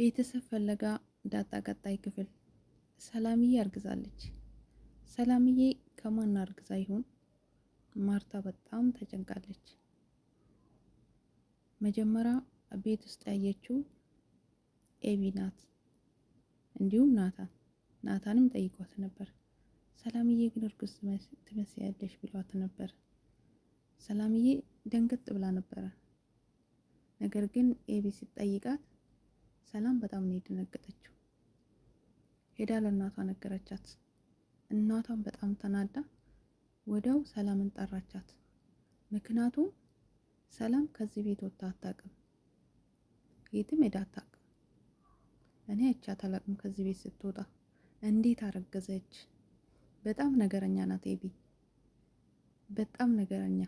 ቤተሰብ ፈለጋ ዳጣ ቀጣይ ክፍል። ሰላምዬ አርግዛለች። ሰላምዬ ከማን አርግዛ ይሆን? ማርታ በጣም ተጨንቃለች። መጀመሪያ ቤት ውስጥ ያየችው ኤቢ ናት፣ እንዲሁም ናታን። ናታንም ጠይቋት ነበር። ሰላምዬ ግን እርጉዝ ትመስያለሽ ብሏት ነበር። ሰላምዬ ደንገጥ ብላ ነበረ። ነገር ግን ኤቢ ስትጠይቃት ሰላም በጣም ነው የደነገጠችው። ሄዳ ለእናቷ ነገረቻት። እናቷም በጣም ተናዳ ወደው ሰላምን ጠራቻት። ምክንያቱም ሰላም ከዚህ ቤት ወጥታ አታውቅም፣ የትም ሄዳ አታውቅም። እኔ አይቻት አላውቅም ከዚህ ቤት ስትወጣ። እንዴት አረገዘች! በጣም ነገረኛ ናት ኤቢ፣ በጣም ነገረኛ።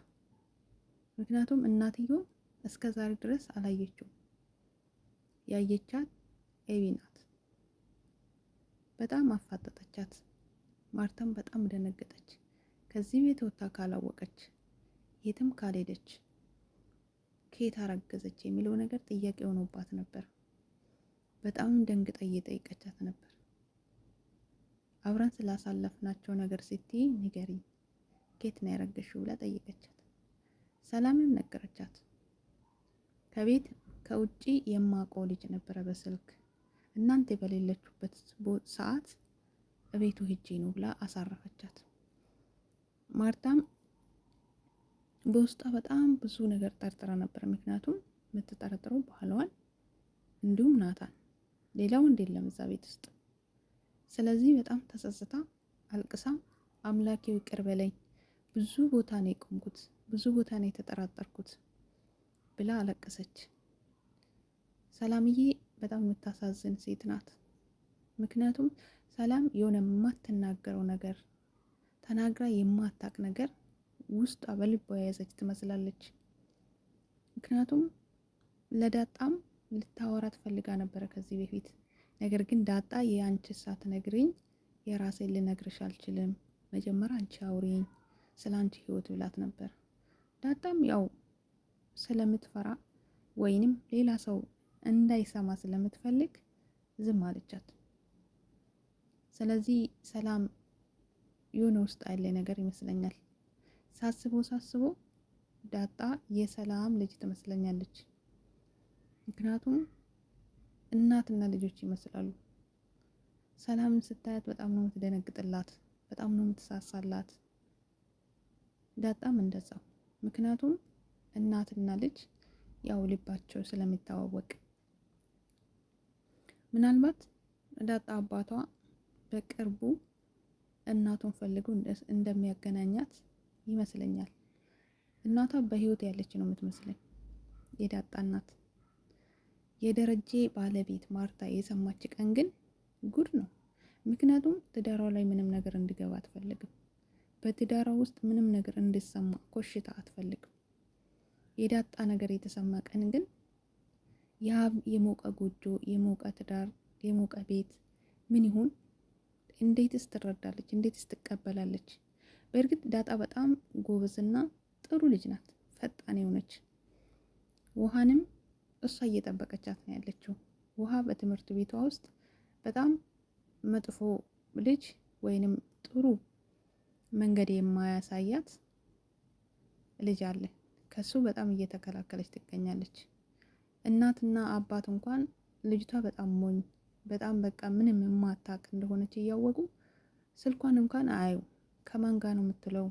ምክንያቱም እናትየው እስከ ዛሬ ድረስ አላየችውም። ያየቻት ኤቢ ናት። በጣም አፋጠጠቻት። ማርታም በጣም ደነገጠች። ከዚህ ቤት ወታ ካላወቀች የትም ካልሄደች ከየት አረገዘች የሚለው ነገር ጥያቄ ሆኖባት ነበር። በጣም ደንግጣ እየጠየቀቻት ነበር። አብረን ስላሳለፍናቸው ነገር ስትይ ንገሪ፣ ኬት ነው ያረገሽው ብላ ጠየቀቻት። ሰላምም ነገረቻት ከቤት ከውጪ የማውቀው ልጅ ነበረ በስልክ እናንተ በሌለችበት ሰዓት እቤቱ ሂጂ ነው ብላ አሳረፈቻት። ማርታም በውስጧ በጣም ብዙ ነገር ጠርጥራ ነበር። ምክንያቱም የምትጠረጥረው ባህሏን እንዲሁም ናታን፣ ሌላ ወንድ የለም እዛ ቤት ውስጥ። ስለዚህ በጣም ተጸጽታ አልቅሳ አምላኬ ይቅር በለኝ፣ ብዙ ቦታ ነው የቆምኩት፣ ብዙ ቦታ ነው የተጠራጠርኩት ብላ አለቀሰች። ሰላምዬ በጣም የምታሳዝን ሴት ናት። ምክንያቱም ሰላም የሆነ የማትናገረው ነገር ተናግራ የማታቅ ነገር ውስጧ በልቧ የያዘች ትመስላለች። ምክንያቱም ለዳጣም ልታወራ ትፈልጋ ነበረ ከዚህ በፊት ነገር ግን ዳጣ የአንቺ ሳትነግሪኝ የራሴን ልነግርሽ አልችልም፣ መጀመሪያ አንቺ አውሪኝ ስለ አንቺ ህይወት ብላት ነበር። ዳጣም ያው ስለምትፈራ ወይንም ሌላ ሰው እንዳይሰማ ስለምትፈልግ ዝም አለቻት። ስለዚህ ሰላም የሆነ ውስጥ ያለ ነገር ይመስለኛል። ሳስቦ ሳስቦ ዳጣ የሰላም ልጅ ትመስለኛለች። ምክንያቱም እናትና ልጆች ይመስላሉ። ሰላምን ስታያት በጣም ነው የምትደነግጥላት፣ በጣም ነው የምትሳሳላት። ዳጣም እንደዛው። ምክንያቱም እናትና ልጅ ያው ልባቸው ስለሚታዋወቅ። ምናልባት ዳጣ አባቷ በቅርቡ እናቱን ፈልጉ እንደሚያገናኛት ይመስለኛል። እናቷ በህይወት ያለች ነው የምትመስለኝ፣ የዳጣ እናት። የደረጀ ባለቤት ማርታ የሰማች ቀን ግን ጉድ ነው። ምክንያቱም ትዳሯ ላይ ምንም ነገር እንዲገባ አትፈልግም። በትዳሯ ውስጥ ምንም ነገር እንዲሰማ ኮሽታ አትፈልግም። የዳጣ ነገር የተሰማ ቀን ግን የሀብ የሞቀ ጎጆ፣ የሞቀ ትዳር፣ የሞቀ ቤት ምን ይሁን? እንዴትስ ትረዳለች? እንዴትስ ትቀበላለች? በእርግጥ ዳጣ በጣም ጎበዝና ጥሩ ልጅ ናት፣ ፈጣን የሆነች ውሃንም እሷ እየጠበቀቻት ነው ያለችው። ውሃ በትምህርት ቤቷ ውስጥ በጣም መጥፎ ልጅ ወይንም ጥሩ መንገድ የማያሳያት ልጅ አለ። ከሱ በጣም እየተከላከለች ትገኛለች። እናትና አባት እንኳን ልጅቷ በጣም ሞኝ በጣም በቃ ምንም የማታቅ እንደሆነች እያወቁ ስልኳን እንኳን አዩ ከማን ጋር ነው የምትለው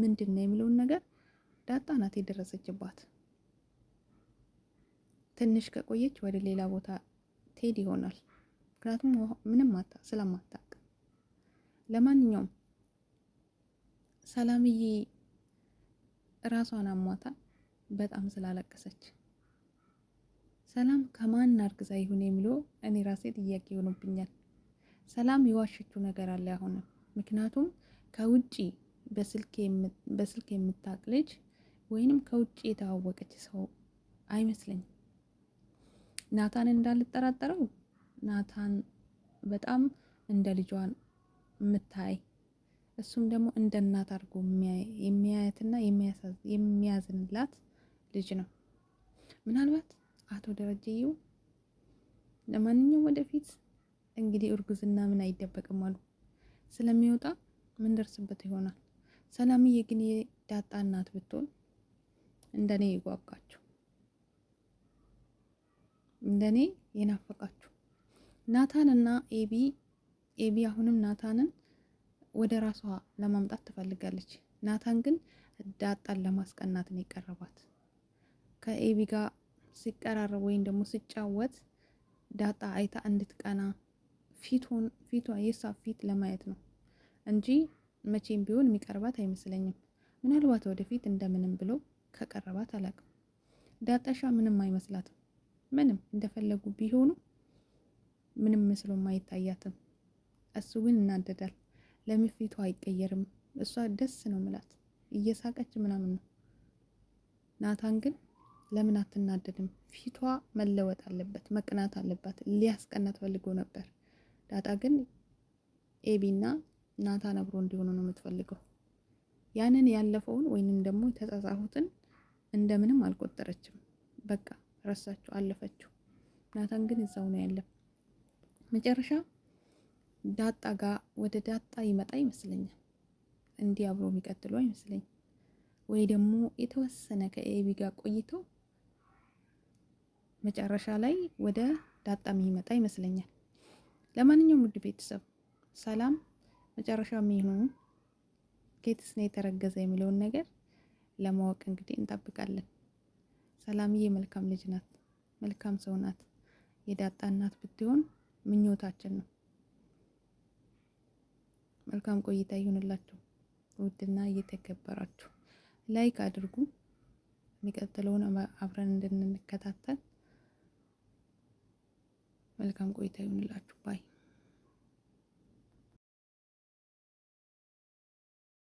ምንድን ነው የሚለውን ነገር ዳጣ ናት የደረሰችባት። ትንሽ ከቆየች ወደ ሌላ ቦታ ትሄድ ይሆናል። ምክንያቱም ምንም ስለማታቅ። ለማንኛውም ሰላምዬ ራሷን አሟታ በጣም ስላለቀሰች ሰላም ከማን አርግዛ ይሁን የሚለው እኔ ራሴ ጥያቄ ሆኖብኛል። ሰላም የዋሸችው ነገር አለ አሁንም። ምክንያቱም ከውጭ በስልክ የምታቅ ልጅ ወይንም ከውጭ የተዋወቀች ሰው አይመስለኝም። ናታን እንዳልጠራጠረው ናታን በጣም እንደ ልጇን የምታይ እሱም ደግሞ እንደ እናት አድርጎ የሚያያትና የሚያዝንላት ልጅ ነው ምናልባት አቶ ደረጀየው ለማንኛውም ወደፊት እንግዲህ እርጉዝና ምን አይደበቅም አሉ ስለሚወጣ ምን ደርስበት ይሆናል። ሰላምዬ ግን የዳጣ እናት ብትሆን እንደኔ ይጓጓችሁ፣ እንደኔ የናፈቃችሁ ናታን እና ኤቢ ኤቢ አሁንም ናታንን ወደ ራሷ ለማምጣት ትፈልጋለች። ናታን ግን ዳጣን ለማስቀናት ነው የቀረባት። ከኤቢ ጋር ሲቀራረብ ወይም ደግሞ ሲጫወት ዳጣ አይታ እንድትቀና ፊቱን ፊቷ የእሷ ፊት ለማየት ነው እንጂ መቼም ቢሆን የሚቀርባት አይመስለኝም። ምናልባት ወደፊት እንደምንም ብሎ ከቀረባት አላቅም። ዳጣሻ ምንም አይመስላትም። ምንም እንደፈለጉ ቢሆኑ ምንም መስሎ አይታያትም። እሱ ግን እናደዳል። ለምን ፊቷ አይቀየርም? እሷ ደስ ነው ምላት እየሳቀች ምናምን ነው ናታን ግን ለምን አትናደድም? ፊቷ መለወጥ አለበት፣ መቅናት አለባት። ሊያስቀናት ፈልጎ ነበር። ዳጣ ግን ኤቢና ናታን አብሮ እንዲሆኑ ነው የምትፈልገው። ያንን ያለፈውን ወይንም ደግሞ የተጻጻፉትን እንደምንም አልቆጠረችም። በቃ ረሳችሁ፣ አለፈችው። ናታን ግን እዛው ነው ያለ። መጨረሻ ዳጣ ጋር ወደ ዳጣ ይመጣ ይመስለኛል። እንዲህ አብሮ የሚቀጥሉ አይመስለኝም። ወይ ደግሞ የተወሰነ ከኤቢ ጋር ቆይተው መጨረሻ ላይ ወደ ዳጣ የሚመጣ ይመስለኛል። ለማንኛውም ውድ ቤተሰብ ሰላም መጨረሻ የሚሆኑ ኬትስ ነው የተረገዘ የሚለውን ነገር ለማወቅ እንግዲህ እንጠብቃለን። ሰላምዬ መልካም ልጅ ናት፣ መልካም ሰው ናት። የዳጣ እናት ብትሆን ምኞታችን ነው። መልካም ቆይታ ይሁንላችሁ። ውድና እየተከበራችሁ ላይክ አድርጉ። የሚቀጥለውን አብረን እንድንከታተል መልካም ቆይታ ይሁንላችሁ ባይ